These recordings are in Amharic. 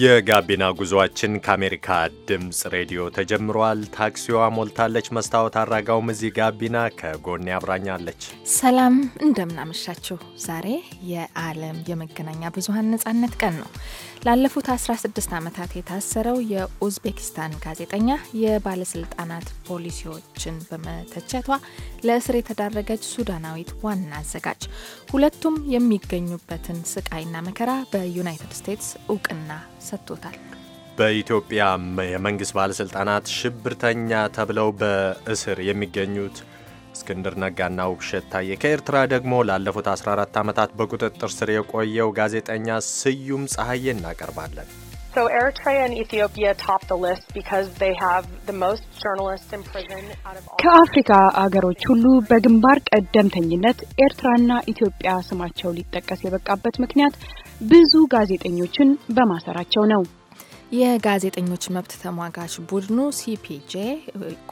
የጋቢና ጉዞአችን ከአሜሪካ ድምፅ ሬዲዮ ተጀምሯል። ታክሲዋ ሞልታለች። መስታወት አራጋውም እዚህ ጋቢና ከጎን አብራኛለች። ሰላም እንደምናመሻችሁ። ዛሬ የዓለም የመገናኛ ብዙሀን ነጻነት ቀን ነው። ላለፉት 16 ዓመታት የታሰረው የኡዝቤኪስታን ጋዜጠኛ የባለስልጣናት ፖሊሲዎችን በመተቸቷ ለእስር የተዳረገች ሱዳናዊት ዋና አዘጋጅ ሁለቱም የሚገኙበትን ስቃይና መከራ በዩናይትድ ስቴትስ እውቅና ሰጥቶታል። በኢትዮጵያ የመንግስት ባለስልጣናት ሽብርተኛ ተብለው በእስር የሚገኙት እስክንድር ነጋና ውብሸት ታዬ፣ ከኤርትራ ደግሞ ላለፉት 14 ዓመታት በቁጥጥር ስር የቆየው ጋዜጠኛ ስዩም ፀሐዬ እናቀርባለን። ከአፍሪካ አገሮች ሁሉ በግንባር ቀደምተኝነት ኤርትራና ኢትዮጵያ ስማቸው ሊጠቀስ የበቃበት ምክንያት ብዙ ጋዜጠኞችን በማሰራቸው ነው። የጋዜጠኞች መብት ተሟጋች ቡድኑ ሲፒጄ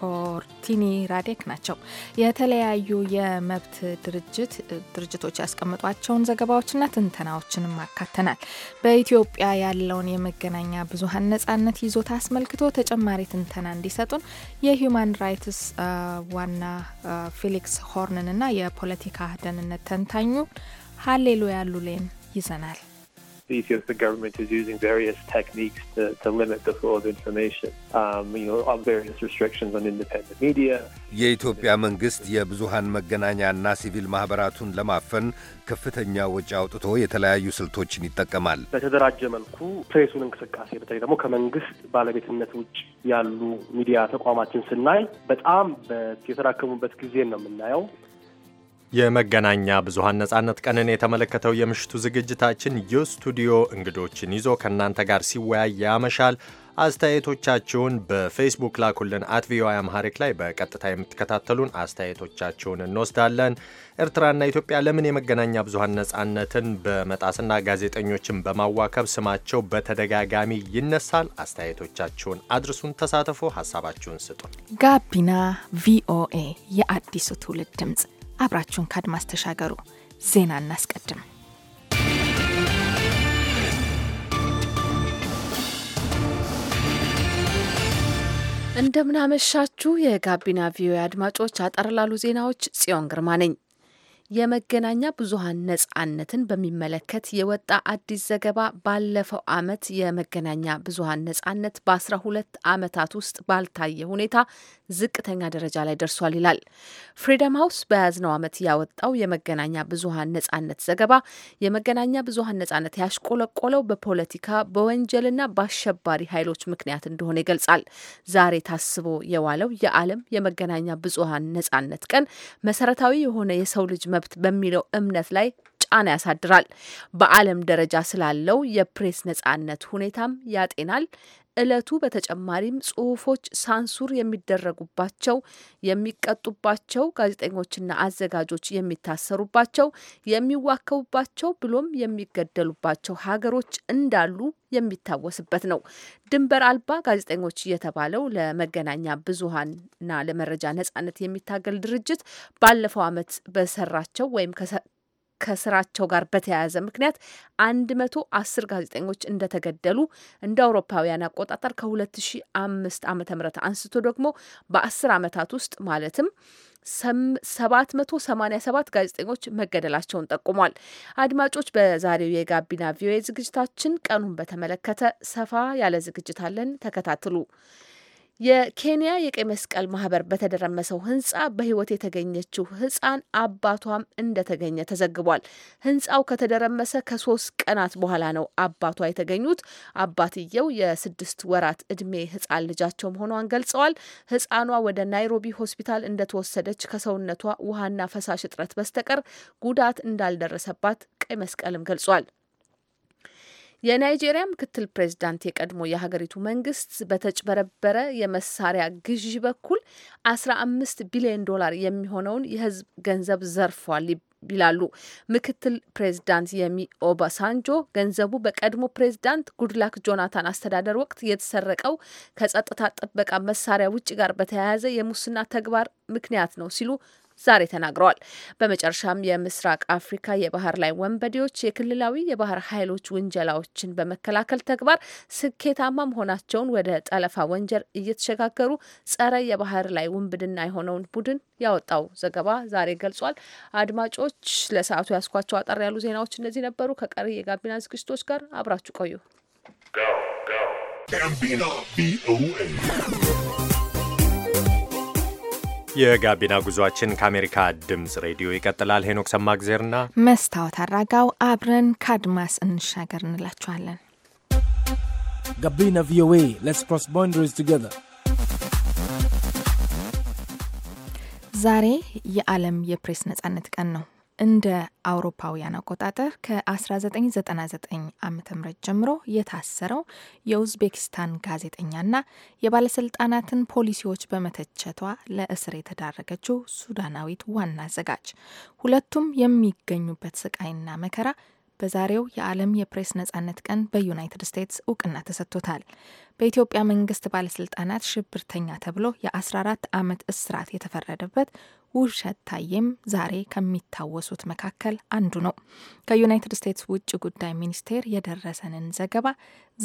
ኮርቲኒ ራዴክ ናቸው። የተለያዩ የመብት ድርጅት ድርጅቶች ያስቀምጧቸውን ዘገባዎችና ትንተናዎችንም አካተናል። በኢትዮጵያ ያለውን የመገናኛ ብዙኃን ነጻነት ይዞታ አስመልክቶ ተጨማሪ ትንተና እንዲሰጡን የሂዩማን ራይትስ ዋና ፊሊክስ ሆርንንና የፖለቲካ ደህንነት ተንታኙ ሀሌሉያ ሉሌን ይዘናል። the Ethiopian government is using various techniques to, to limit the flow of information, um, you know, on various restrictions on independent media. የኢትዮጵያ መንግስት የብዙሃን መገናኛና ሲቪል ማህበራቱን ለማፈን ከፍተኛ ወጪ አውጥቶ የተለያዩ ስልቶችን ይጠቀማል። በተደራጀ መልኩ ፕሬሱን እንቅስቃሴ በተለይ ደግሞ ከመንግስት ባለቤትነት ውጭ ያሉ ሚዲያ ተቋማችን ስናይ በጣም የተራከሙበት ጊዜ ነው የምናየው። የመገናኛ ብዙሃን ነጻነት ቀንን የተመለከተው የምሽቱ ዝግጅታችን የስቱዲዮ እንግዶችን ይዞ ከእናንተ ጋር ሲወያይ ያመሻል። አስተያየቶቻችሁን በፌስቡክ ላኩልን። አት ቪኦኤ አምሃሪክ ላይ በቀጥታ የምትከታተሉን አስተያየቶቻችሁን እንወስዳለን። ኤርትራና ኢትዮጵያ ለምን የመገናኛ ብዙሃን ነጻነትን በመጣስና ጋዜጠኞችን በማዋከብ ስማቸው በተደጋጋሚ ይነሳል? አስተያየቶቻችሁን አድርሱን፣ ተሳተፉ፣ ሀሳባችሁን ስጡን። ጋቢና ቪኦኤ የአዲሱ ትውልድ ድምጽ አብራችሁን ከአድማስ ተሻገሩ። ዜና እናስቀድም። እንደምናመሻችሁ የጋቢና ቪኦኤ አድማጮች፣ አጠር ላሉ ዜናዎች ጽዮን ግርማ ነኝ። የመገናኛ ብዙሃን ነጻነትን በሚመለከት የወጣ አዲስ ዘገባ ባለፈው ዓመት የመገናኛ ብዙሃን ነጻነት በአስራ ሁለት ዓመታት ውስጥ ባልታየ ሁኔታ ዝቅተኛ ደረጃ ላይ ደርሷል ይላል። ፍሪደም ሀውስ በያዝነው ዓመት ያወጣው የመገናኛ ብዙሃን ነጻነት ዘገባ የመገናኛ ብዙሃን ነጻነት ያሽቆለቆለው በፖለቲካ በወንጀልና በአሸባሪ ኃይሎች ምክንያት እንደሆነ ይገልጻል። ዛሬ ታስቦ የዋለው የዓለም የመገናኛ ብዙሃን ነጻነት ቀን መሰረታዊ የሆነ የሰው ልጅ መ መብት በሚለው እምነት ላይ ጫና ያሳድራል። በዓለም ደረጃ ስላለው የፕሬስ ነጻነት ሁኔታም ያጤናል። እለቱ በተጨማሪም ጽሁፎች ሳንሱር የሚደረጉባቸው የሚቀጡባቸው፣ ጋዜጠኞችና አዘጋጆች የሚታሰሩባቸው፣ የሚዋከቡባቸው ብሎም የሚገደሉባቸው ሀገሮች እንዳሉ የሚታወስበት ነው። ድንበር አልባ ጋዜጠኞች የተባለው ለመገናኛ ብዙኃንና ለመረጃ ነጻነት የሚታገል ድርጅት ባለፈው ዓመት በሰራቸው ወይም ከስራቸው ጋር በተያያዘ ምክንያት 110 ጋዜጠኞች እንደተገደሉ እንደ አውሮፓውያን አቆጣጠር ከ2005 ዓ ም አንስቶ ደግሞ በ10 ዓመታት ውስጥ ማለትም 787 ጋዜጠኞች መገደላቸውን ጠቁሟል። አድማጮች፣ በዛሬው የጋቢና ቪኦኤ ዝግጅታችን ቀኑን በተመለከተ ሰፋ ያለ ዝግጅት አለን። ተከታትሉ። የኬንያ የቀይ መስቀል ማህበር በተደረመሰው ህንፃ በህይወት የተገኘችው ህፃን አባቷም እንደተገኘ ተዘግቧል። ህንፃው ከተደረመሰ ከሶስት ቀናት በኋላ ነው አባቷ የተገኙት። አባትየው የስድስት ወራት እድሜ ህፃን ልጃቸው መሆኗን ገልጸዋል። ህፃኗ ወደ ናይሮቢ ሆስፒታል እንደተወሰደች ከሰውነቷ ውሃና ፈሳሽ እጥረት በስተቀር ጉዳት እንዳልደረሰባት ቀይ መስቀልም ገልጿል። የናይጄሪያ ምክትል ፕሬዚዳንት የቀድሞ የሀገሪቱ መንግስት በተጭበረበረ የመሳሪያ ግዢ በኩል አስራ አምስት ቢሊዮን ዶላር የሚሆነውን የህዝብ ገንዘብ ዘርፏል ይላሉ ምክትል ፕሬዚዳንት የሚ ኦባሳንጆ። ገንዘቡ በቀድሞ ፕሬዚዳንት ጉድላክ ጆናታን አስተዳደር ወቅት የተሰረቀው ከጸጥታ ጥበቃ መሳሪያ ውጭ ጋር በተያያዘ የሙስና ተግባር ምክንያት ነው ሲሉ ዛሬ ተናግረዋል። በመጨረሻም የምስራቅ አፍሪካ የባህር ላይ ወንበዴዎች የክልላዊ የባህር ኃይሎች ውንጀላዎችን በመከላከል ተግባር ስኬታማ መሆናቸውን ወደ ጠለፋ ወንጀል እየተሸጋገሩ ጸረ የባህር ላይ ውንብድና የሆነውን ቡድን ያወጣው ዘገባ ዛሬ ገልጿል። አድማጮች ለሰዓቱ ያስኳቸው አጠር ያሉ ዜናዎች እነዚህ ነበሩ። ከቀሪ የጋቢና ዝግጅቶች ጋር አብራችሁ ቆዩ። የጋቢና ጉዟችን ከአሜሪካ ድምፅ ሬዲዮ ይቀጥላል። ሄኖክ ሰማግዜርና መስታወት አራጋው አብረን ከአድማስ እንሻገር እንላችኋለን። ጋቢና ቪኦኤ ሌትስ ክሮስ ቦንደሪስ ቱጌዘር። ዛሬ የዓለም የፕሬስ ነጻነት ቀን ነው። እንደ አውሮፓውያን አቆጣጠር ከ1999 ዓ ም ጀምሮ የታሰረው የኡዝቤኪስታን ጋዜጠኛና የባለስልጣናትን ፖሊሲዎች በመተቸቷ ለእስር የተዳረገችው ሱዳናዊት ዋና አዘጋጅ ሁለቱም የሚገኙበት ስቃይና መከራ በዛሬው የዓለም የፕሬስ ነጻነት ቀን በዩናይትድ ስቴትስ እውቅና ተሰጥቶታል። በኢትዮጵያ መንግስት ባለስልጣናት ሽብርተኛ ተብሎ የ14 ዓመት እስራት የተፈረደበት ውብሸት ታዬም ዛሬ ከሚታወሱት መካከል አንዱ ነው። ከዩናይትድ ስቴትስ ውጭ ጉዳይ ሚኒስቴር የደረሰንን ዘገባ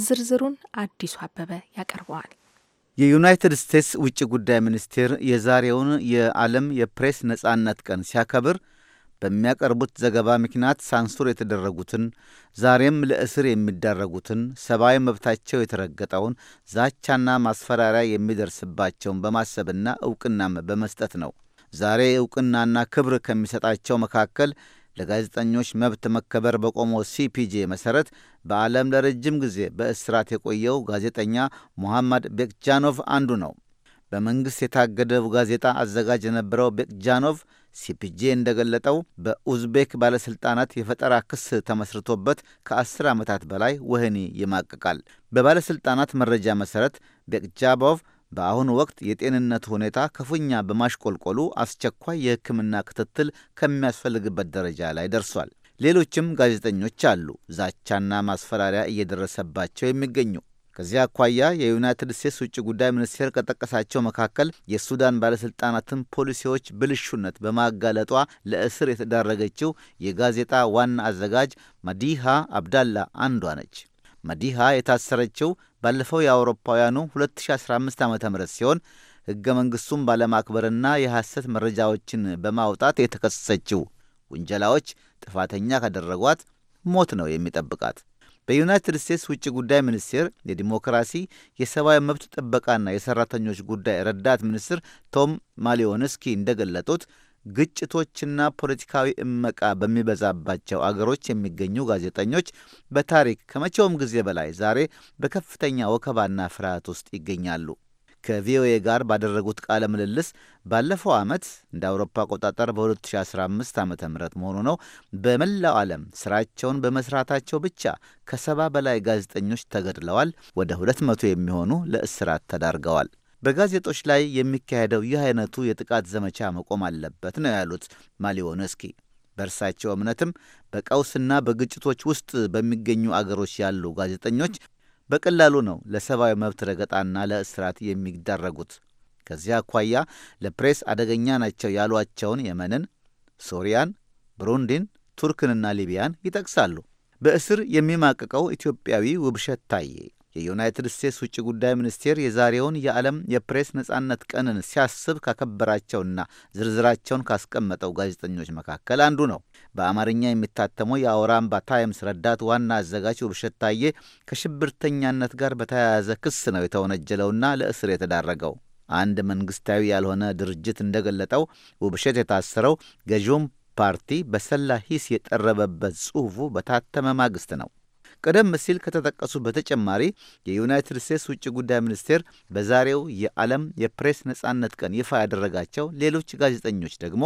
ዝርዝሩን አዲሱ አበበ ያቀርበዋል። የዩናይትድ ስቴትስ ውጭ ጉዳይ ሚኒስቴር የዛሬውን የዓለም የፕሬስ ነጻነት ቀን ሲያከብር በሚያቀርቡት ዘገባ ምክንያት ሳንሱር የተደረጉትን ዛሬም ለእስር የሚዳረጉትን ሰብአዊ መብታቸው የተረገጠውን ዛቻና ማስፈራሪያ የሚደርስባቸውን በማሰብና እውቅናም በመስጠት ነው። ዛሬ እውቅናና ክብር ከሚሰጣቸው መካከል ለጋዜጠኞች መብት መከበር በቆመው ሲፒጄ መሠረት በዓለም ለረጅም ጊዜ በእስራት የቆየው ጋዜጠኛ ሙሐመድ ቤክጃኖቭ አንዱ ነው። በመንግሥት የታገደው ጋዜጣ አዘጋጅ የነበረው ቤክጃኖቭ ሲፒጄ እንደገለጠው በኡዝቤክ ባለሥልጣናት የፈጠራ ክስ ተመስርቶበት ከአስር ዓመታት በላይ ወህኒ ይማቅቃል። በባለሥልጣናት መረጃ መሠረት ቤቅጃቦቭ በአሁኑ ወቅት የጤንነት ሁኔታ ክፉኛ በማሽቆልቆሉ አስቸኳይ የሕክምና ክትትል ከሚያስፈልግበት ደረጃ ላይ ደርሷል። ሌሎችም ጋዜጠኞች አሉ ዛቻና ማስፈራሪያ እየደረሰባቸው የሚገኙ። ከዚያ አኳያ የዩናይትድ ስቴትስ ውጭ ጉዳይ ሚኒስቴር ከጠቀሳቸው መካከል የሱዳን ባለሥልጣናትን ፖሊሲዎች ብልሹነት በማጋለጧ ለእስር የተዳረገችው የጋዜጣ ዋና አዘጋጅ ማዲሃ አብዳላ አንዷ ነች። ማዲሃ የታሰረችው ባለፈው የአውሮፓውያኑ 2015 ዓ ም ሲሆን ሕገ መንግሥቱን ባለማክበርና የሐሰት መረጃዎችን በማውጣት የተከሰሰችው ውንጀላዎች ጥፋተኛ ካደረጓት ሞት ነው የሚጠብቃት። በዩናይትድ ስቴትስ ውጭ ጉዳይ ሚኒስቴር የዲሞክራሲ የሰብአዊ መብት ጥበቃና የሰራተኞች ጉዳይ ረዳት ሚኒስትር ቶም ማሊዮንስኪ እንደገለጡት ግጭቶችና ፖለቲካዊ እመቃ በሚበዛባቸው አገሮች የሚገኙ ጋዜጠኞች በታሪክ ከመቼውም ጊዜ በላይ ዛሬ በከፍተኛ ወከባና ፍርሃት ውስጥ ይገኛሉ። ከቪኦኤ ጋር ባደረጉት ቃለ ምልልስ ባለፈው ዓመት እንደ አውሮፓ አቆጣጠር በ2015 ዓ ም መሆኑ ነው በመላው ዓለም ስራቸውን በመስራታቸው ብቻ ከሰባ በላይ ጋዜጠኞች ተገድለዋል፣ ወደ 200 የሚሆኑ ለእስራት ተዳርገዋል። በጋዜጦች ላይ የሚካሄደው ይህ አይነቱ የጥቃት ዘመቻ መቆም አለበት ነው ያሉት ማሊዮነስኪ። በእርሳቸው እምነትም በቀውስና በግጭቶች ውስጥ በሚገኙ አገሮች ያሉ ጋዜጠኞች በቀላሉ ነው ለሰብአዊ መብት ረገጣና ለእስራት የሚዳረጉት። ከዚያ አኳያ ለፕሬስ አደገኛ ናቸው ያሏቸውን የመንን፣ ሶሪያን፣ ብሩንዲን፣ ቱርክንና ሊቢያን ይጠቅሳሉ። በእስር የሚማቅቀው ኢትዮጵያዊ ውብሸት ታዬ የዩናይትድ ስቴትስ ውጭ ጉዳይ ሚኒስቴር የዛሬውን የዓለም የፕሬስ ነጻነት ቀንን ሲያስብ ካከበራቸውና ዝርዝራቸውን ካስቀመጠው ጋዜጠኞች መካከል አንዱ ነው። በአማርኛ የሚታተመው የአውራምባ ታይምስ ረዳት ዋና አዘጋጅ ውብሸት ታዬ ከሽብርተኛነት ጋር በተያያዘ ክስ ነው የተወነጀለውና ለእስር የተዳረገው። አንድ መንግስታዊ ያልሆነ ድርጅት እንደገለጠው ውብሸት የታሰረው ገዢውን ፓርቲ በሰላ ሂስ የጠረበበት ጽሑፉ በታተመ ማግስት ነው። ቀደም ሲል ከተጠቀሱ በተጨማሪ የዩናይትድ ስቴትስ ውጭ ጉዳይ ሚኒስቴር በዛሬው የዓለም የፕሬስ ነጻነት ቀን ይፋ ያደረጋቸው ሌሎች ጋዜጠኞች ደግሞ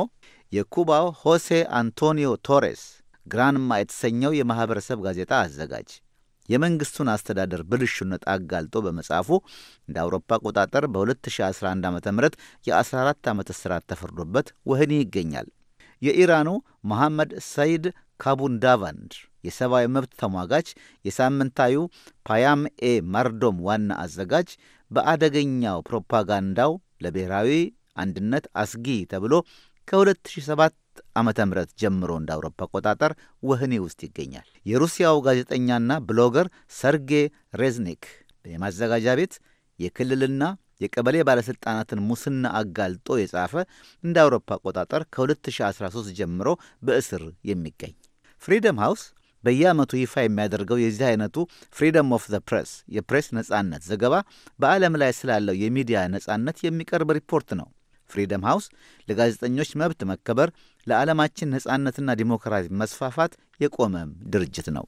የኩባው ሆሴ አንቶኒዮ ቶሬስ ግራንማ የተሰኘው የማኅበረሰብ ጋዜጣ አዘጋጅ የመንግሥቱን አስተዳደር ብልሹነት አጋልጦ በመጻፉ እንደ አውሮፓ አቆጣጠር በ2011 ዓ ም የ14 ዓመት እስራት ተፈርዶበት ወህኒ ይገኛል። የኢራኑ መሐመድ ሰይድ ካቡን ዳቫንድ የሰብአዊ መብት ተሟጋች የሳምንታዩ ፓያም ኤ ማርዶም ዋና አዘጋጅ በአደገኛው ፕሮፓጋንዳው ለብሔራዊ አንድነት አስጊ ተብሎ ከ2007 ዓ ም ጀምሮ እንደ አውሮፓ አቆጣጠር ወህኒ ውስጥ ይገኛል። የሩሲያው ጋዜጠኛና ብሎገር ሰርጌ ሬዝኒክ የማዘጋጃ ቤት የክልልና የቀበሌ ባለሥልጣናትን ሙስና አጋልጦ የጻፈ እንደ አውሮፓ አቆጣጠር ከ2013 ጀምሮ በእስር የሚገኝ ፍሪደም ሃውስ በየዓመቱ ይፋ የሚያደርገው የዚህ አይነቱ ፍሪደም ኦፍ ዘ ፕሬስ የፕሬስ ነጻነት ዘገባ በዓለም ላይ ስላለው የሚዲያ ነጻነት የሚቀርብ ሪፖርት ነው። ፍሪደም ሃውስ ለጋዜጠኞች መብት መከበር፣ ለዓለማችን ነጻነትና ዲሞክራሲ መስፋፋት የቆመም ድርጅት ነው።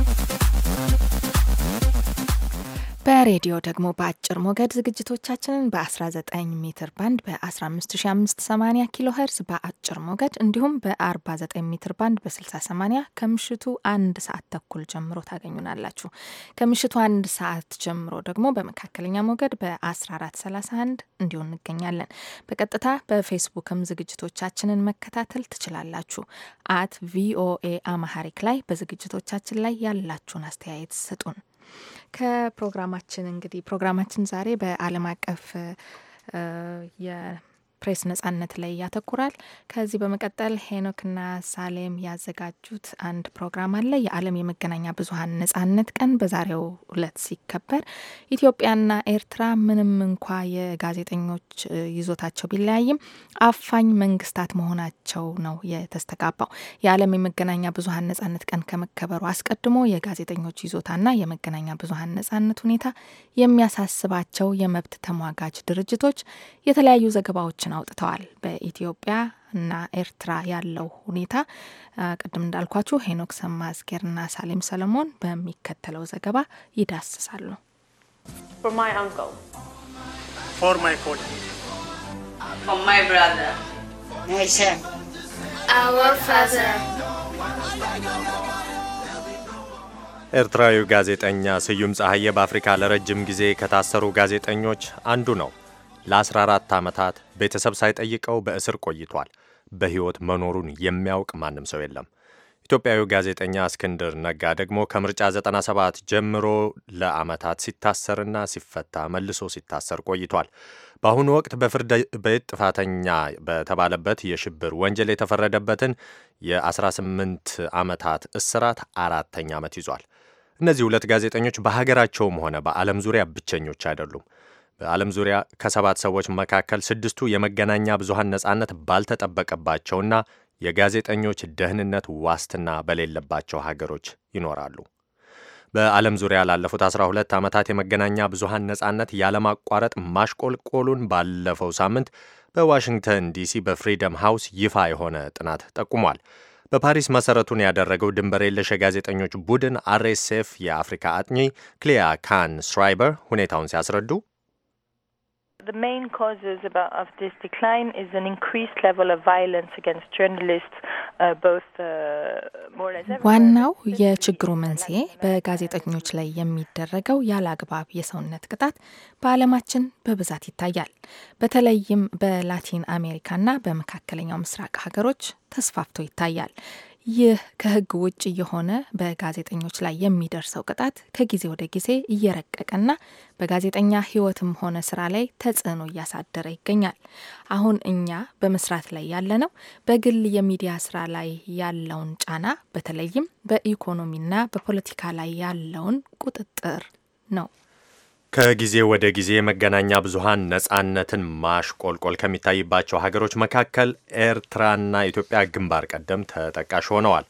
በሬዲዮ ደግሞ በአጭር ሞገድ ዝግጅቶቻችንን በ19 ሜትር ባንድ በ15580 ኪሎ ሄርዝ በአጭር ሞገድ እንዲሁም በ49 ሜትር ባንድ በ6080 ከምሽቱ አንድ ሰዓት ተኩል ጀምሮ ታገኙናላችሁ። ከምሽቱ አንድ ሰዓት ጀምሮ ደግሞ በመካከለኛ ሞገድ በ1431 እንዲሁ እንገኛለን። በቀጥታ በፌስቡክም ዝግጅቶቻችንን መከታተል ትችላላችሁ። አት ቪኦኤ አማሐሪክ ላይ በዝግጅቶቻችን ላይ ያላችሁን አስተያየት ስጡን። ከፕሮግራማችን እንግዲህ ፕሮግራማችን ዛሬ በዓለም አቀፍ ፕሬስ ነጻነት ላይ ያተኩራል። ከዚህ በመቀጠል ሄኖክና ሳሌም ያዘጋጁት አንድ ፕሮግራም አለ። የዓለም የመገናኛ ብዙኃን ነጻነት ቀን በዛሬው ዕለት ሲከበር ኢትዮጵያና ኤርትራ ምንም እንኳ የጋዜጠኞች ይዞታቸው ቢለያይም አፋኝ መንግስታት መሆናቸው ነው የተስተጋባው። የዓለም የመገናኛ ብዙኃን ነጻነት ቀን ከመከበሩ አስቀድሞ የጋዜጠኞች ይዞታና የመገናኛ ብዙኃን ነጻነት ሁኔታ የሚያሳስባቸው የመብት ተሟጋች ድርጅቶች የተለያዩ ዘገባዎች መግለጫዎችን አውጥተዋል። በኢትዮጵያ እና ኤርትራ ያለው ሁኔታ ቅድም እንዳልኳችሁ ሄኖክ ሰማዝጌርና ሳሌም ሰለሞን በሚከተለው ዘገባ ይዳስሳሉ። ኤርትራዊ ጋዜጠኛ ስዩም ጸሐዬ በአፍሪካ ለረጅም ጊዜ ከታሰሩ ጋዜጠኞች አንዱ ነው። ለ14 ዓመታት ቤተሰብ ሳይጠይቀው በእስር ቆይቷል። በሕይወት መኖሩን የሚያውቅ ማንም ሰው የለም። ኢትዮጵያዊ ጋዜጠኛ እስክንድር ነጋ ደግሞ ከምርጫ 97 ጀምሮ ለዓመታት ሲታሰርና ሲፈታ መልሶ ሲታሰር ቆይቷል። በአሁኑ ወቅት በፍርድ ቤት ጥፋተኛ በተባለበት የሽብር ወንጀል የተፈረደበትን የ18 ዓመታት እስራት አራተኛ ዓመት ይዟል። እነዚህ ሁለት ጋዜጠኞች በሀገራቸውም ሆነ በዓለም ዙሪያ ብቸኞች አይደሉም። በዓለም ዙሪያ ከሰባት ሰዎች መካከል ስድስቱ የመገናኛ ብዙሃን ነጻነት ባልተጠበቀባቸውና የጋዜጠኞች ደህንነት ዋስትና በሌለባቸው ሀገሮች ይኖራሉ። በዓለም ዙሪያ ላለፉት 12 ዓመታት የመገናኛ ብዙሃን ነጻነት ያለማቋረጥ ማሽቆልቆሉን ባለፈው ሳምንት በዋሽንግተን ዲሲ በፍሪደም ሃውስ ይፋ የሆነ ጥናት ጠቁሟል። በፓሪስ መሰረቱን ያደረገው ድንበር የለሽ የጋዜጠኞች ቡድን አርኤስኤፍ የአፍሪካ አጥኚ ክሊያ ካን ስራይበር ሁኔታውን ሲያስረዱ The main causes about, of this decline is an increased level of violence against journalists. Uh, uh, ዋናው የችግሩ መንስኤ በጋዜጠኞች ላይ የሚደረገው ያለአግባብ የሰውነት ቅጣት በዓለማችን በብዛት ይታያል። በተለይም በላቲን አሜሪካና በመካከለኛው ምስራቅ ሀገሮች ተስፋፍቶ ይታያል። ይህ ከህግ ውጭ የሆነ በጋዜጠኞች ላይ የሚደርሰው ቅጣት ከጊዜ ወደ ጊዜ እየረቀቀና በጋዜጠኛ ህይወትም ሆነ ስራ ላይ ተጽዕኖ እያሳደረ ይገኛል። አሁን እኛ በመስራት ላይ ያለነው በግል የሚዲያ ስራ ላይ ያለውን ጫና በተለይም በኢኮኖሚና በፖለቲካ ላይ ያለውን ቁጥጥር ነው። ከጊዜ ወደ ጊዜ የመገናኛ ብዙሃን ነጻነትን ማሽቆልቆል ከሚታይባቸው ሀገሮች መካከል ኤርትራና ኢትዮጵያ ግንባር ቀደም ተጠቃሽ ሆነዋል።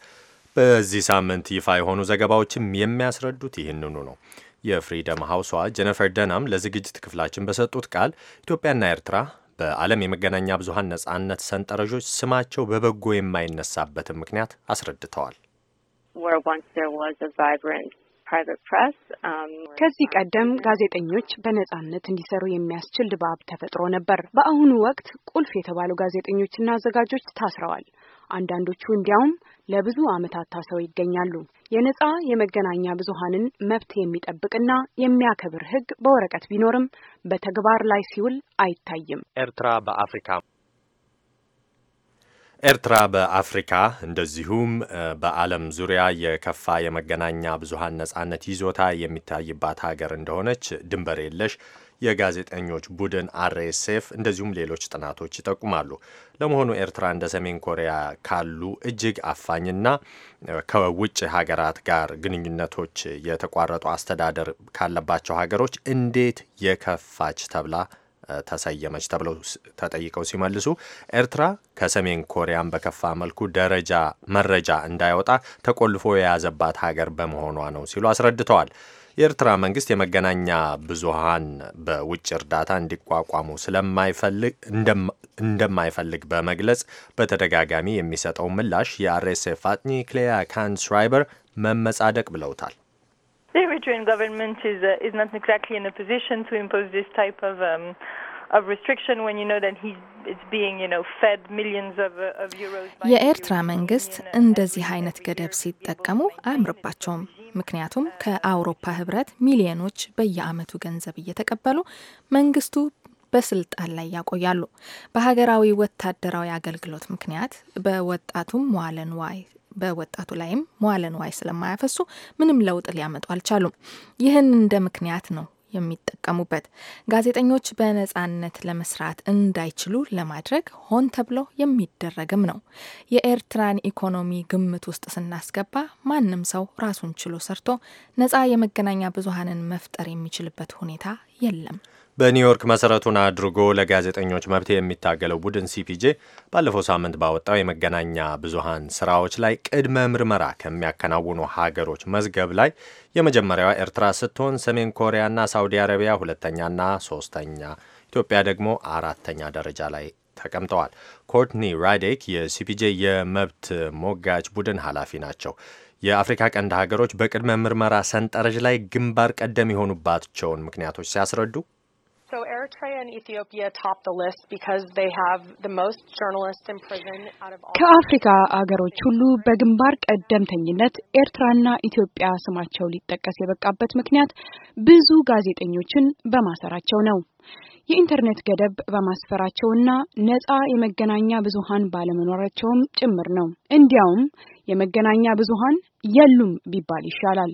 በዚህ ሳምንት ይፋ የሆኑ ዘገባዎችም የሚያስረዱት ይህንኑ ነው። የፍሪደም ሀውሷ ጀነፈር ደናም ለዝግጅት ክፍላችን በሰጡት ቃል ኢትዮጵያና ኤርትራ በዓለም የመገናኛ ብዙሃን ነጻነት ሰንጠረዦች ስማቸው በበጎ የማይነሳበትን ምክንያት አስረድተዋል። where once there was a vibrant Um, ከዚህ uh, ቀደም ጋዜጠኞች በነጻነት እንዲሰሩ የሚያስችል ድባብ ተፈጥሮ ነበር። በአሁኑ ወቅት ቁልፍ የተባሉ ጋዜጠኞችና አዘጋጆች ታስረዋል። አንዳንዶቹ እንዲያውም ለብዙ ዓመታት ታስረው ይገኛሉ። የነጻ የመገናኛ ብዙሃንን መብት የሚጠብቅና የሚያከብር ሕግ በወረቀት ቢኖርም በተግባር ላይ ሲውል አይታይም። ኤርትራ በአፍሪካ ኤርትራ በአፍሪካ እንደዚሁም በዓለም ዙሪያ የከፋ የመገናኛ ብዙሃን ነጻነት ይዞታ የሚታይባት ሀገር እንደሆነች ድንበር የለሽ የጋዜጠኞች ቡድን አርኤስኤፍ እንደዚሁም ሌሎች ጥናቶች ይጠቁማሉ። ለመሆኑ ኤርትራ እንደ ሰሜን ኮሪያ ካሉ እጅግ አፋኝና ከውጭ ሀገራት ጋር ግንኙነቶች የተቋረጡ አስተዳደር ካለባቸው ሀገሮች እንዴት የከፋች ተብላ ተሰየመች ተብለው ተጠይቀው ሲመልሱ ኤርትራ ከሰሜን ኮሪያን በከፋ መልኩ ደረጃ መረጃ እንዳይወጣ ተቆልፎ የያዘባት ሀገር በመሆኗ ነው ሲሉ አስረድተዋል። የኤርትራ መንግስት የመገናኛ ብዙሃን በውጭ እርዳታ እንዲቋቋሙ እንደማይፈልግ በመግለጽ በተደጋጋሚ የሚሰጠው ምላሽ የአርኤስኤፍ አጥኚ ክሌያ ካንስራይበር መመጻደቅ ብለውታል። The Eritrean government is uh, is not exactly in a position to impose this type of. Um, of restriction when you know that he's የኤርትራ መንግስት እንደዚህ አይነት ገደብ ሲጠቀሙ አያምርባቸውም። ምክንያቱም ከአውሮፓ ህብረት ሚሊዮኖች በየአመቱ ገንዘብ እየተቀበሉ መንግስቱ በስልጣን ላይ ያቆያሉ። በሀገራዊ ወታደራዊ አገልግሎት ምክንያት በወጣቱም መዋለ ንዋይ በወጣቱ ላይም መዋለ ንዋይ ስለማያፈሱ ምንም ለውጥ ሊያመጡ አልቻሉም። ይህን እንደ ምክንያት ነው የሚጠቀሙበት። ጋዜጠኞች በነጻነት ለመስራት እንዳይችሉ ለማድረግ ሆን ተብሎ የሚደረግም ነው። የኤርትራን ኢኮኖሚ ግምት ውስጥ ስናስገባ ማንም ሰው ራሱን ችሎ ሰርቶ ነጻ የመገናኛ ብዙሃንን መፍጠር የሚችልበት ሁኔታ የለም። በኒውዮርክ መሰረቱን አድርጎ ለጋዜጠኞች መብት የሚታገለው ቡድን ሲፒጄ ባለፈው ሳምንት ባወጣው የመገናኛ ብዙሃን ስራዎች ላይ ቅድመ ምርመራ ከሚያከናውኑ ሀገሮች መዝገብ ላይ የመጀመሪያዋ ኤርትራ ስትሆን ሰሜን ኮሪያና ሳውዲ አረቢያ ሁለተኛና ሶስተኛ፣ ኢትዮጵያ ደግሞ አራተኛ ደረጃ ላይ ተቀምጠዋል። ኮርትኒ ራዴክ የሲፒጄ የመብት ሞጋች ቡድን ኃላፊ ናቸው። የአፍሪካ ቀንድ ሀገሮች በቅድመ ምርመራ ሰንጠረዥ ላይ ግንባር ቀደም የሆኑባቸውን ምክንያቶች ሲያስረዱ So Eritrea and Ethiopia top the list because they have the most journalists in prison out of all ከአፍሪካ አገሮች ሁሉ በግንባር ቀደምተኝነት ኤርትራና ኢትዮጵያ ስማቸው ሊጠቀስ የበቃበት ምክንያት ብዙ ጋዜጠኞችን በማሰራቸው ነው። የኢንተርኔት ገደብ በማስፈራቸውና ነፃ የመገናኛ ብዙሃን ባለመኖራቸውም ጭምር ነው። እንዲያውም የመገናኛ ብዙሃን የሉም ቢባል ይሻላል።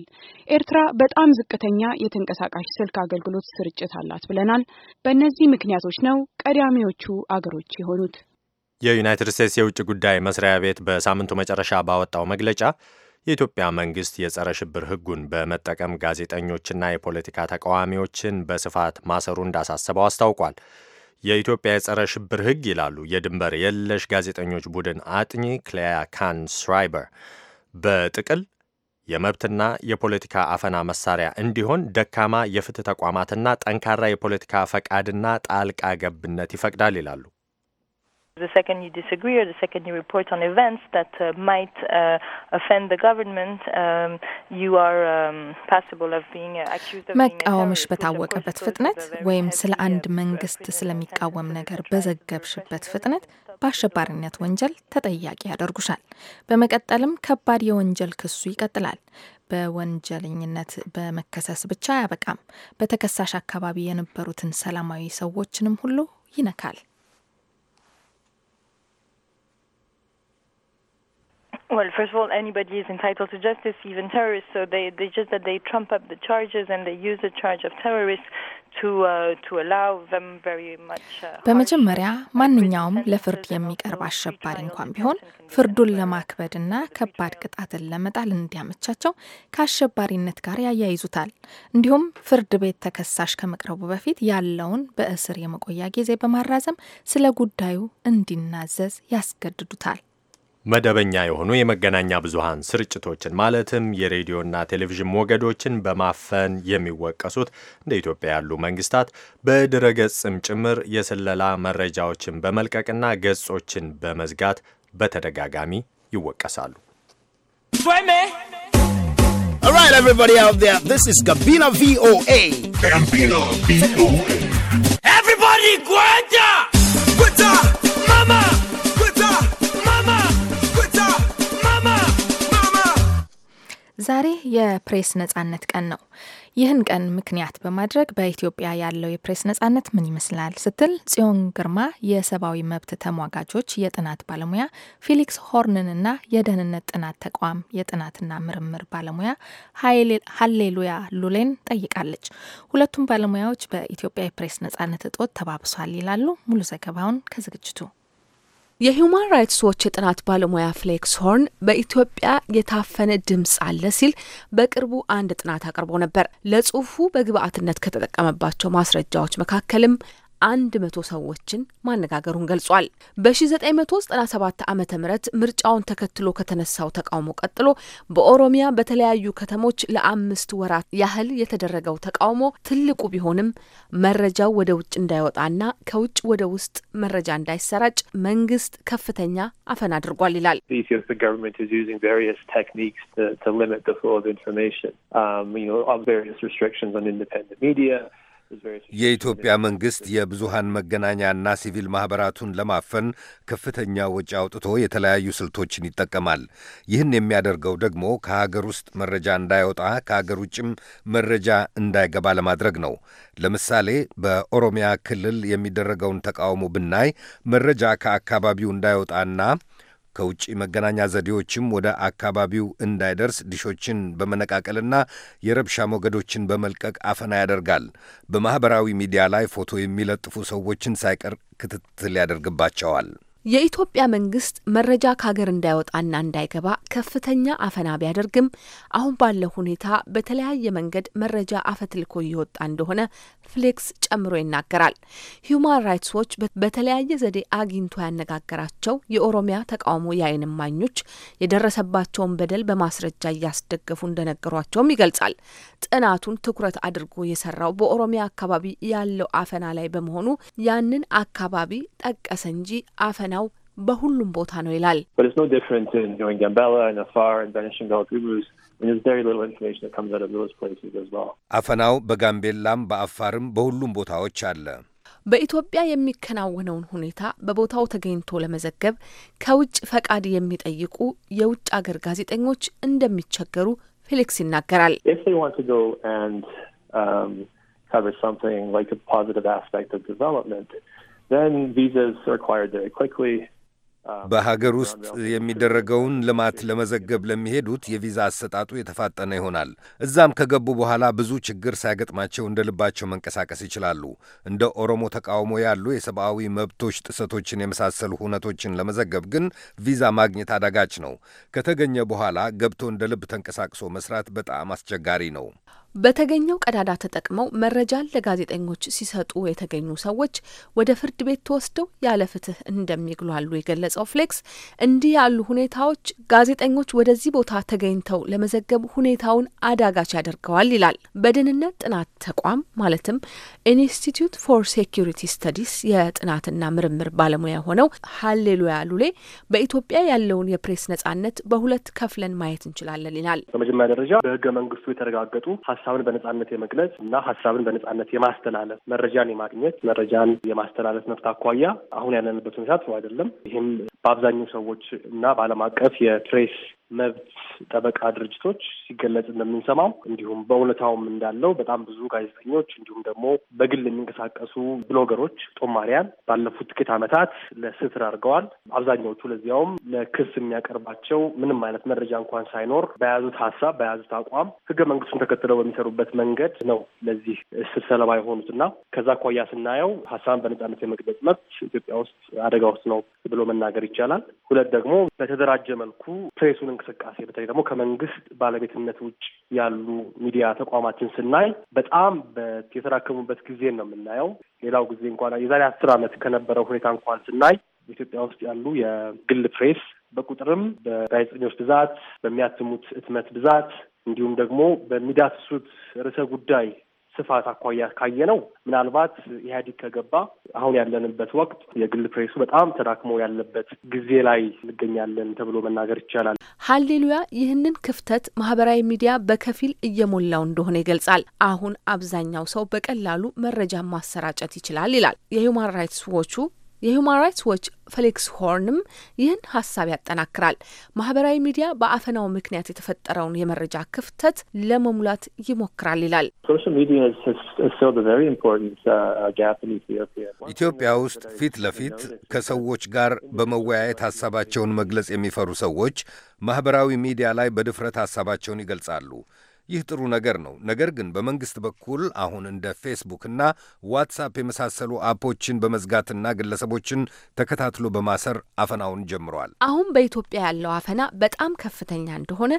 ኤርትራ በጣም ዝቅተኛ የተንቀሳቃሽ ስልክ አገልግሎት ስርጭት አላት ብለናል። በእነዚህ ምክንያቶች ነው ቀዳሚዎቹ አገሮች የሆኑት። የዩናይትድ ስቴትስ የውጭ ጉዳይ መስሪያ ቤት በሳምንቱ መጨረሻ ባወጣው መግለጫ የኢትዮጵያ መንግስት የጸረ ሽብር ህጉን በመጠቀም ጋዜጠኞችና የፖለቲካ ተቃዋሚዎችን በስፋት ማሰሩ እንዳሳሰበው አስታውቋል። የኢትዮጵያ የጸረ ሽብር ህግ ይላሉ የድንበር የለሽ ጋዜጠኞች ቡድን አጥኚ ክሊያ ካን ስራይበር በጥቅል የመብትና የፖለቲካ አፈና መሳሪያ እንዲሆን ደካማ የፍትህ ተቋማትና ጠንካራ የፖለቲካ ፈቃድና ጣልቃ ገብነት ይፈቅዳል ይላሉ። The second you disagree or the second you report on events that uh, might uh, offend the government, um, you are um, passable of being accused of መቃወምሽ በታወቀበት ፍጥነት ወይም ስለ uh, አንድ መንግስት ስለሚቃወም ነገር uh, በዘገብሽበት uh, ፍጥነት በአሸባሪነት ወንጀል ተጠያቂ ያደርጉሻል። በመቀጠልም ከባድ የወንጀል ክሱ ይቀጥላል። በወንጀለኝነት በመከሰስ ብቻ አያበቃም። በተከሳሽ አካባቢ የነበሩትን ሰላማዊ ሰዎችንም ሁሉ ይነካል። Well, first of all, anybody is entitled to justice, even terrorists. So they, they just that they trump up the charges and they use the charge of terrorists to uh, to allow them very much. በመጀመሪያ ማንኛውም ለፍርድ የሚቀርብ አሸባሪ እንኳን ቢሆን ፍርዱን ለማክበድና ከባድ ቅጣትን ለመጣል እንዲያመቻቸው ከአሸባሪነት ጋር ያያይዙታል። እንዲሁም ፍርድ ቤት ተከሳሽ ከመቅረቡ በፊት ያለውን በእስር የመቆያ ጊዜ በማራዘም ስለ ጉዳዩ እንዲናዘዝ ያስገድዱታል። መደበኛ የሆኑ የመገናኛ ብዙሃን ስርጭቶችን ማለትም የሬዲዮና ቴሌቪዥን ሞገዶችን በማፈን የሚወቀሱት እንደ ኢትዮጵያ ያሉ መንግስታት በድረገጽም ጭምር የስለላ መረጃዎችን በመልቀቅና ገጾችን በመዝጋት በተደጋጋሚ ይወቀሳሉ። ጋቢና ዛሬ የፕሬስ ነጻነት ቀን ነው። ይህን ቀን ምክንያት በማድረግ በኢትዮጵያ ያለው የፕሬስ ነጻነት ምን ይመስላል ስትል ጽዮን ግርማ የሰብአዊ መብት ተሟጋቾች የጥናት ባለሙያ ፊሊክስ ሆርንን እና የደህንነት ጥናት ተቋም የጥናትና ምርምር ባለሙያ ሀሌሉያ ሉሌን ጠይቃለች። ሁለቱም ባለሙያዎች በኢትዮጵያ የፕሬስ ነጻነት እጦት ተባብሷል ይላሉ። ሙሉ ዘገባውን ከዝግጅቱ የሂውማን ራይትስ ዎች የጥናት ባለሙያ ፍሌክስ ሆርን በኢትዮጵያ የታፈነ ድምፅ አለ ሲል በቅርቡ አንድ ጥናት አቅርቦ ነበር። ለጽሁፉ በግብአትነት ከተጠቀመባቸው ማስረጃዎች መካከልም አንድ መቶ ሰዎችን ማነጋገሩን ገልጿል። በ1997 ዓ ም ምርጫውን ተከትሎ ከተነሳው ተቃውሞ ቀጥሎ በኦሮሚያ በተለያዩ ከተሞች ለአምስት ወራት ያህል የተደረገው ተቃውሞ ትልቁ ቢሆንም መረጃው ወደ ውጭ እንዳይወጣና ከውጭ ወደ ውስጥ መረጃ እንዳይሰራጭ መንግስት ከፍተኛ አፈን አድርጓል ይላል። የኢትዮጵያ መንግስት የብዙሃን መገናኛና ሲቪል ማኅበራቱን ለማፈን ከፍተኛ ወጪ አውጥቶ የተለያዩ ስልቶችን ይጠቀማል። ይህን የሚያደርገው ደግሞ ከሀገር ውስጥ መረጃ እንዳይወጣ ከሀገር ውጭም መረጃ እንዳይገባ ለማድረግ ነው። ለምሳሌ በኦሮሚያ ክልል የሚደረገውን ተቃውሞ ብናይ መረጃ ከአካባቢው እንዳይወጣና ከውጭ መገናኛ ዘዴዎችም ወደ አካባቢው እንዳይደርስ ዲሾችን በመነቃቀልና የረብሻ ሞገዶችን በመልቀቅ አፈና ያደርጋል። በማኅበራዊ ሚዲያ ላይ ፎቶ የሚለጥፉ ሰዎችን ሳይቀር ክትትል ያደርግባቸዋል። የኢትዮጵያ መንግስት መረጃ ከሀገር እንዳይወጣና እንዳይገባ ከፍተኛ አፈና ቢያደርግም አሁን ባለው ሁኔታ በተለያየ መንገድ መረጃ አፈትልኮ እየወጣ እንደሆነ ፍሌክስ ጨምሮ ይናገራል። ሂዩማን ራይትስ ዎች በተለያየ ዘዴ አግኝቶ ያነጋገራቸው የኦሮሚያ ተቃውሞ የዓይን እማኞች የደረሰባቸውን በደል በማስረጃ እያስደገፉ እንደነገሯቸውም ይገልጻል። ጥናቱን ትኩረት አድርጎ የሰራው በኦሮሚያ አካባቢ ያለው አፈና ላይ በመሆኑ ያንን አካባቢ ጠቀሰ እንጂ አፈና በሁሉም ቦታ ነው ይላል። አፈናው በጋምቤላም በአፋርም በሁሉም ቦታዎች አለ። በኢትዮጵያ የሚከናወነውን ሁኔታ በቦታው ተገኝቶ ለመዘገብ ከውጭ ፈቃድ የሚጠይቁ የውጭ አገር ጋዜጠኞች እንደሚቸገሩ ፌሊክስ ይናገራል። ቪዛስ በሀገር ውስጥ የሚደረገውን ልማት ለመዘገብ ለሚሄዱት የቪዛ አሰጣጡ የተፋጠነ ይሆናል። እዛም ከገቡ በኋላ ብዙ ችግር ሳይገጥማቸው እንደ ልባቸው መንቀሳቀስ ይችላሉ። እንደ ኦሮሞ ተቃውሞ ያሉ የሰብአዊ መብቶች ጥሰቶችን የመሳሰሉ ሁነቶችን ለመዘገብ ግን ቪዛ ማግኘት አዳጋች ነው። ከተገኘ በኋላ ገብቶ እንደ ልብ ተንቀሳቅሶ መስራት በጣም አስቸጋሪ ነው። በተገኘው ቀዳዳ ተጠቅመው መረጃን ለጋዜጠኞች ሲሰጡ የተገኙ ሰዎች ወደ ፍርድ ቤት ተወስደው ያለ ፍትህ እንደሚግሏሉ የገለጸው ፍሌክስ እንዲህ ያሉ ሁኔታዎች ጋዜጠኞች ወደዚህ ቦታ ተገኝተው ለመዘገብ ሁኔታውን አዳጋች ያደርገዋል ይላል። በደህንነት ጥናት ተቋም ማለትም ኢንስቲትዩት ፎር ሴኪሪቲ ስተዲስ የጥናትና ምርምር ባለሙያ ሆነው ሀሌሉያ ሉሌ በኢትዮጵያ ያለውን የፕሬስ ነጻነት በሁለት ከፍለን ማየት እንችላለን ይላል። በመጀመሪያ ደረጃ በህገ መንግስቱ የተረጋገጡ ሀሳብን በነጻነት የመግለጽ እና ሀሳብን በነጻነት የማስተላለፍ መረጃን የማግኘት መረጃን የማስተላለፍ መብት አኳያ አሁን ያለንበት ሁኔታ ጥሩ አይደለም። ይህም በአብዛኛው ሰዎች እና በዓለም አቀፍ የፕሬስ መብት ጠበቃ ድርጅቶች ሲገለጽ እንደምንሰማው እንዲሁም በእውነታውም እንዳለው በጣም ብዙ ጋዜጠኞች እንዲሁም ደግሞ በግል የሚንቀሳቀሱ ብሎገሮች፣ ጦማሪያን ባለፉት ጥቂት ዓመታት ለስፍር አድርገዋል። አብዛኛዎቹ ለዚያውም ለክስ የሚያቀርባቸው ምንም አይነት መረጃ እንኳን ሳይኖር በያዙት ሀሳብ በያዙት አቋም ህገ መንግስቱን ተከትለው በሚሰሩበት መንገድ ነው ለዚህ እስር ሰለባ የሆኑት እና ከዛ አኳያ ስናየው ሀሳብን በነጻነት የመግለጽ መብት ኢትዮጵያ ውስጥ አደጋ ውስጥ ነው ብሎ መናገር ይቻላል። ሁለት ደግሞ በተደራጀ መልኩ ፕሬሱን እንቅስቃሴ በተለይ ደግሞ ከመንግስት ባለቤትነት ውጭ ያሉ ሚዲያ ተቋማችን ስናይ በጣም የተራከሙበት ጊዜ ነው የምናየው። ሌላው ጊዜ እንኳን የዛሬ አስር ዓመት ከነበረው ሁኔታ እንኳን ስናይ ኢትዮጵያ ውስጥ ያሉ የግል ፕሬስ በቁጥርም በጋዜጠኞች ብዛት፣ በሚያትሙት እትመት ብዛት እንዲሁም ደግሞ በሚዳስሱት ርዕሰ ጉዳይ ስፋት አኳያ ካየነው ምናልባት ኢህአዲግ ከገባ አሁን ያለንበት ወቅት የግል ፕሬሱ በጣም ተዳክሞ ያለበት ጊዜ ላይ እንገኛለን ተብሎ መናገር ይቻላል። ሀሌሉያ ይህንን ክፍተት ማህበራዊ ሚዲያ በከፊል እየሞላው እንደሆነ ይገልጻል። አሁን አብዛኛው ሰው በቀላሉ መረጃ ማሰራጨት ይችላል ይላል። የሁማን ራይትስ ዎቹ የሁማን ራይትስ ዎች ፌሊክስ ሆርንም ይህን ሀሳብ ያጠናክራል። ማህበራዊ ሚዲያ በአፈናው ምክንያት የተፈጠረውን የመረጃ ክፍተት ለመሙላት ይሞክራል ይላል። uh, ኢትዮጵያ ውስጥ ፊት ለፊት ከሰዎች ጋር በመወያየት ሀሳባቸውን መግለጽ የሚፈሩ ሰዎች ማህበራዊ ሚዲያ ላይ በድፍረት ሀሳባቸውን ይገልጻሉ። ይህ ጥሩ ነገር ነው። ነገር ግን በመንግስት በኩል አሁን እንደ ፌስቡክና ዋትሳፕ የመሳሰሉ አፖችን በመዝጋትና ግለሰቦችን ተከታትሎ በማሰር አፈናውን ጀምረዋል። አሁን በኢትዮጵያ ያለው አፈና በጣም ከፍተኛ እንደሆነ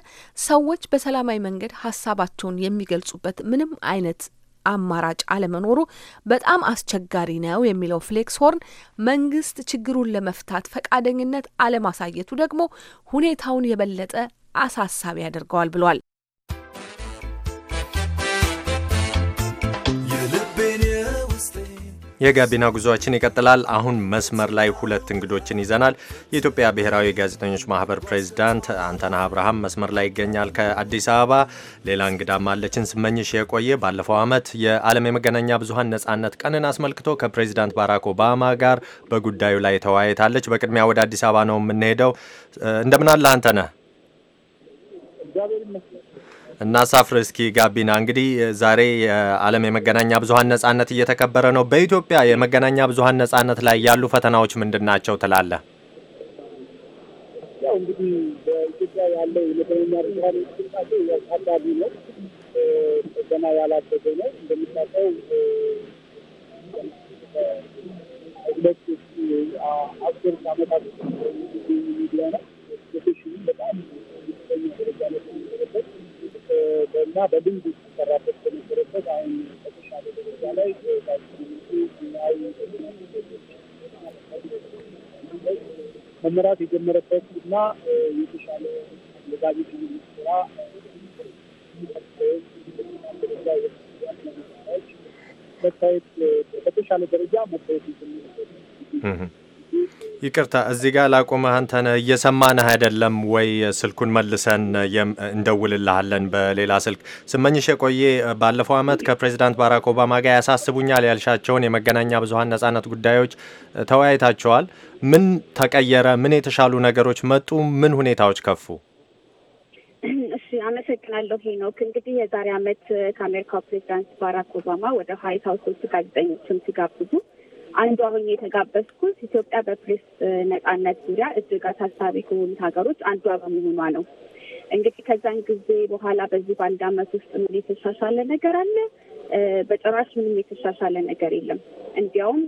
ሰዎች በሰላማዊ መንገድ ሀሳባቸውን የሚገልጹበት ምንም አይነት አማራጭ አለመኖሩ በጣም አስቸጋሪ ነው የሚለው ፍሌክስ ሆርን መንግስት ችግሩን ለመፍታት ፈቃደኝነት አለማሳየቱ ደግሞ ሁኔታውን የበለጠ አሳሳቢ ያደርገዋል ብሏል። የጋቢና ጉዞአችን ይቀጥላል። አሁን መስመር ላይ ሁለት እንግዶችን ይዘናል። የኢትዮጵያ ብሔራዊ ጋዜጠኞች ማህበር ፕሬዚዳንት አንተነህ አብርሃም መስመር ላይ ይገኛል ከአዲስ አበባ። ሌላ እንግዳም አለችን ስመኝሽ የቆየ ባለፈው ዓመት የዓለም የመገናኛ ብዙሀን ነጻነት ቀንን አስመልክቶ ከፕሬዚዳንት ባራክ ኦባማ ጋር በጉዳዩ ላይ ተወያይታለች። በቅድሚያ ወደ አዲስ አበባ ነው የምንሄደው። እንደምን አለ አንተነህ? እና ሳፍር እስኪ ጋቢና እንግዲህ ዛሬ የዓለም የመገናኛ ብዙሀን ነጻነት እየተከበረ ነው። በኢትዮጵያ የመገናኛ ብዙሀን ነጻነት ላይ ያሉ ፈተናዎች ምንድን ናቸው ትላለ? ያው እንግዲህ በኢትዮጵያ ያለው የመገናኛ ነው፣ ገና ያላደገ ነው። እንደሚታቀው ሁለት አስር ዓመታት ሚዲያ ነው እና በልምድ ሲሰራበት በነበረበት አሁን በተሻለ ደረጃ ላይ መመራት የጀመረበት እና የተሻለ የጋዜት ስራ መታየት በተሻለ ደረጃ መታየት የጀመረበት ይቅርታ እዚህ ጋር ላቁምህ። እየሰማንህ አይደለም ወይ? ስልኩን መልሰን እንደውልልሃለን በሌላ ስልክ። ስመኝሽ የቆየ ባለፈው አመት ከፕሬዚዳንት ባራክ ኦባማ ጋር ያሳስቡኛል ያልሻቸውን የመገናኛ ብዙሀን ነጻነት ጉዳዮች ተወያይታቸዋል። ምን ተቀየረ? ምን የተሻሉ ነገሮች መጡ? ምን ሁኔታዎች ከፉ? አመሰግናለሁ ሄኖክ። እንግዲህ የዛሬ ዓመት ከአሜሪካው ፕሬዚዳንት ባራክ ኦባማ ወደ ሀይት ሀውስ ጋዜጠኞችም ሲጋብዙ አንዱ አሁን የተጋበዝኩት ኢትዮጵያ በፕሬስ ነጻነት ዙሪያ እጅግ አሳሳቢ ከሆኑት ሀገሮች አንዷ በመሆኗ ነው። እንግዲህ ከዛን ጊዜ በኋላ በዚህ በአንድ አመት ውስጥ ምን የተሻሻለ ነገር አለ? በጭራሽ ምንም የተሻሻለ ነገር የለም። እንዲያውም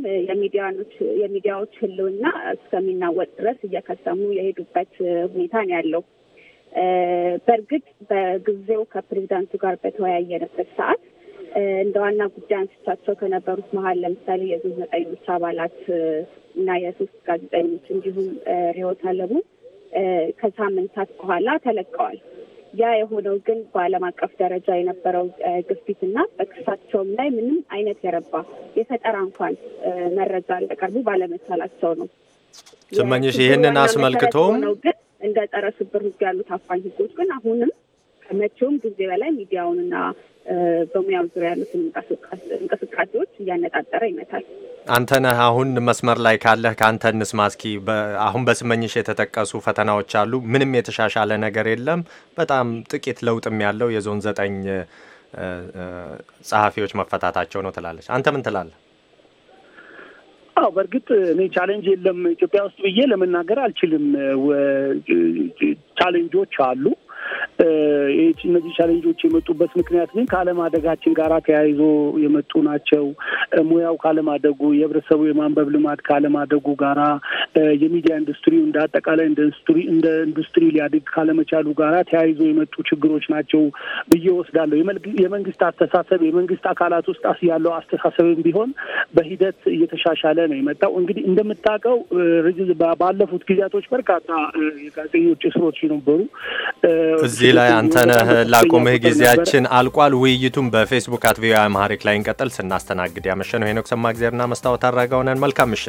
የሚዲያዎች ህልውና እስከሚናወጥ ድረስ እየከሰሙ የሄዱበት ሁኔታ ነው ያለው። በእርግጥ በጊዜው ከፕሬዚዳንቱ ጋር በተወያየንበት ሰዓት እንደ ዋና ጉዳይ አንስቻቸው ከነበሩት መሀል ለምሳሌ የዞን ዘጠኞች አባላት እና የሶስት ጋዜጠኞች እንዲሁም ሪዮት አለሙ ከሳምንታት በኋላ ተለቀዋል። ያ የሆነው ግን በዓለም አቀፍ ደረጃ የነበረው ግፊት እና በክሳቸውም ላይ ምንም አይነት የረባ የፈጠራ እንኳን መረጃ እንዳቀርቡ ባለመቻላቸው ነው። ስመኝሽ ይህንን አስመልክቶም ግን እንደ ጸረ ሽብር ህግ ያሉት አፋኝ ህጎች ግን አሁንም ከመቼውም ጊዜ በላይ ሚዲያውንና በሙያው ዙሪያ ያሉትን እንቅስቃሴዎች እያነጣጠረ ይመታል። አንተ አሁን መስመር ላይ ካለህ ከአንተ እንስማ እስኪ። አሁን በስመኝሽ የተጠቀሱ ፈተናዎች አሉ። ምንም የተሻሻለ ነገር የለም። በጣም ጥቂት ለውጥም ያለው የዞን ዘጠኝ ጸሐፊዎች መፈታታቸው ነው ትላለች። አንተ ምን ትላለህ? አዎ በእርግጥ እኔ ቻሌንጅ የለም ኢትዮጵያ ውስጥ ብዬ ለመናገር አልችልም። ቻሌንጆች አሉ እነዚህ ቻሌንጆች የመጡበት ምክንያት ግን ከዓለም አደጋችን ጋር ተያይዞ የመጡ ናቸው። ሙያው ካለማደጉ፣ የህብረተሰቡ የማንበብ ልማድ ካለማደጉ ጋራ፣ የሚዲያ ኢንዱስትሪው እንደ አጠቃላይ እንደ ኢንዱስትሪ ሊያድግ ካለመቻሉ ጋራ ተያይዞ የመጡ ችግሮች ናቸው ብዬ ወስዳለሁ። የመንግስት አስተሳሰብ የመንግስት አካላት ውስጥ ያለው አስተሳሰብም ቢሆን በሂደት እየተሻሻለ ነው የመጣው። እንግዲህ እንደምታውቀው ባለፉት ጊዜያቶች በርካታ የጋዜጠኞች እስሮች ነበሩ። እዚህ ላይ አንተነህ ላቁምህ፣ ጊዜያችን አልቋል። ውይይቱን በፌስቡክ አት ቪኦኤ አማሪክ ላይ እንቀጥል። ስናስተናግድ ያመሸነው ሄኖክ ጊዜርና መስታወት አድራጋውነን። መልካም ምሽት።